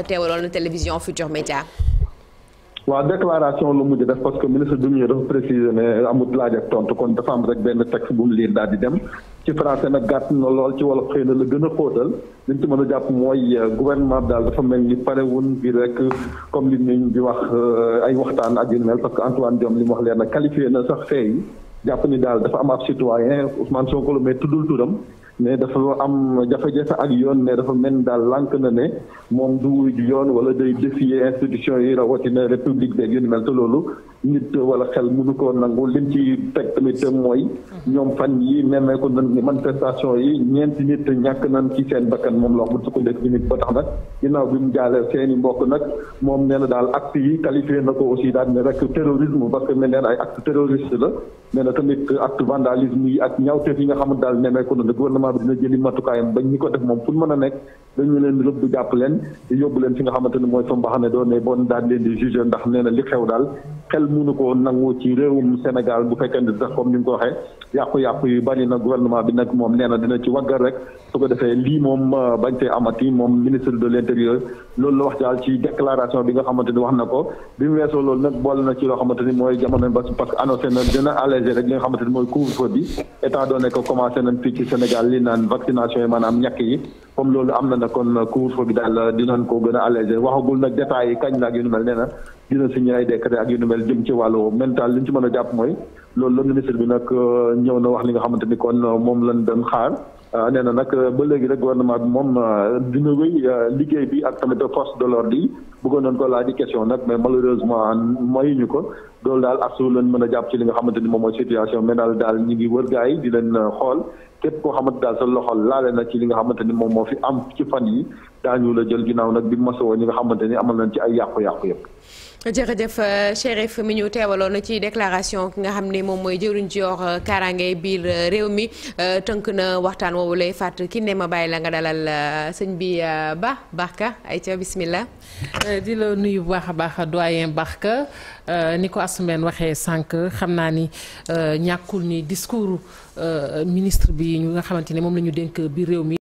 fa teewaloon na télévision Futur Média. waaw déclaration lu mujj def parce que ministre du milieu dafa préciser ne amut laaj ak tontu kon dafa am rek benn texte bu mu liir daal di dem ci français na gàtt na lool ci wolof xëy na la gën a xóotal liñ ci mën a jàpp mooy euh, gouvernement daal dafa mel ni parewun bi rek comme li ñu di wax euh, ay waxtaan ak yu mel parce que Antoine Diome li mu wax leen na qualifié na sax fee jàpp ni daal dafa am ab citoyen Ousmane Sonko la mais tuddul turam mais dafa am jafe-jafe ak yoon ne dafa mel daal lànk na ne moom du wuyu yoon wala day défier institution yi rawatina république beeg yu ni mel te loolu nit wala xel mënu ko nangu lim ci teg tamit mooy ñoom fan yi nemmeeku nañ ni manifestation yi ñeenti nit ñàkk nañ ci seen bakkan moom la wax bu sukkandiku nit ba tax nag ginnaaw bi mu jaalee seen i mbokk nag moom nee na daal acte yi qualifié na ko aussi daal ne rek terrorisme parce que mel neen ay acte la nee na tamit acte vandalisme yi ak ñaawteef yi nga xamante gouvernement dina jëli matukaayam bañ ñi ko def moom fu mën a nekk dañu leen rëbb jàpp leen yóbbu leen fi nga xamante mooy fa mbaxane doon bon daal leen di juger ndax nee li xew daal xel mënu ko nangu ci réewum Sénégal bu fekkente sax comme ni nga ko waxee yàqu-yàqu yu bari gouvernement bi nag moom nee dina ci waggar rek su ko defee lii moom euh, bañ fee amati moom ministre de l'intérieur loolu la wax daal ci déclaration bi nga xamante wax na ko bi mu weesoo naan vaccination yi maanaam ñàkk yi comme loolu am na na kon couvre-feu bi daal dinañ ko gën a allégé waxagul nag détails yi kañ la ak yu nu mel nee na dina signé ay décret ak yu nu mel jëm ci wàllu mental li ñu ci mën a jàpp mooy loolu la ministre bi nag euh, ñëw na wax li nga xamante ni kon moom lañ doon xaar Euh, nee na nag ba léegi rek gouvernement bi moom euh, dina wéy euh, liggéey bi ak tamit force de l'ordre yi bëggoon nañ ko laaj di question nag mais malheureusement mayuñu ko loolu daal asu leen mën a jàpp ci li nga xamante ni moom mooy situation daal daal ñu ngi wër gaa yi di leen koo xamante daal sa loxo laale na ci li nga xamante ni moom moo fi am ci fan yi daañu la jël ginnaaw nag bi masawoo ñi nga xamante ni amal nañ ci ay yàqu-yàqu yëpp jërëjëf euh, Chérif mi ñu teewaloon ci déclaration ki nga xam ni moom mooy jëruñ ci yor euh, kaaraange biir euh, réew mi tënk na waxtaan woowu lay fàtt ki ne ma bàyyi la nga dalal sëñ bi Ba ay ayca bismillah di la nuyu bu baax a baax doyen Barka ni ko Assoumène waxee sànq xam naa ni ñàkkul ni discours ministre bi ñu nga xamante ne moom la ñu dénk biir réew mi.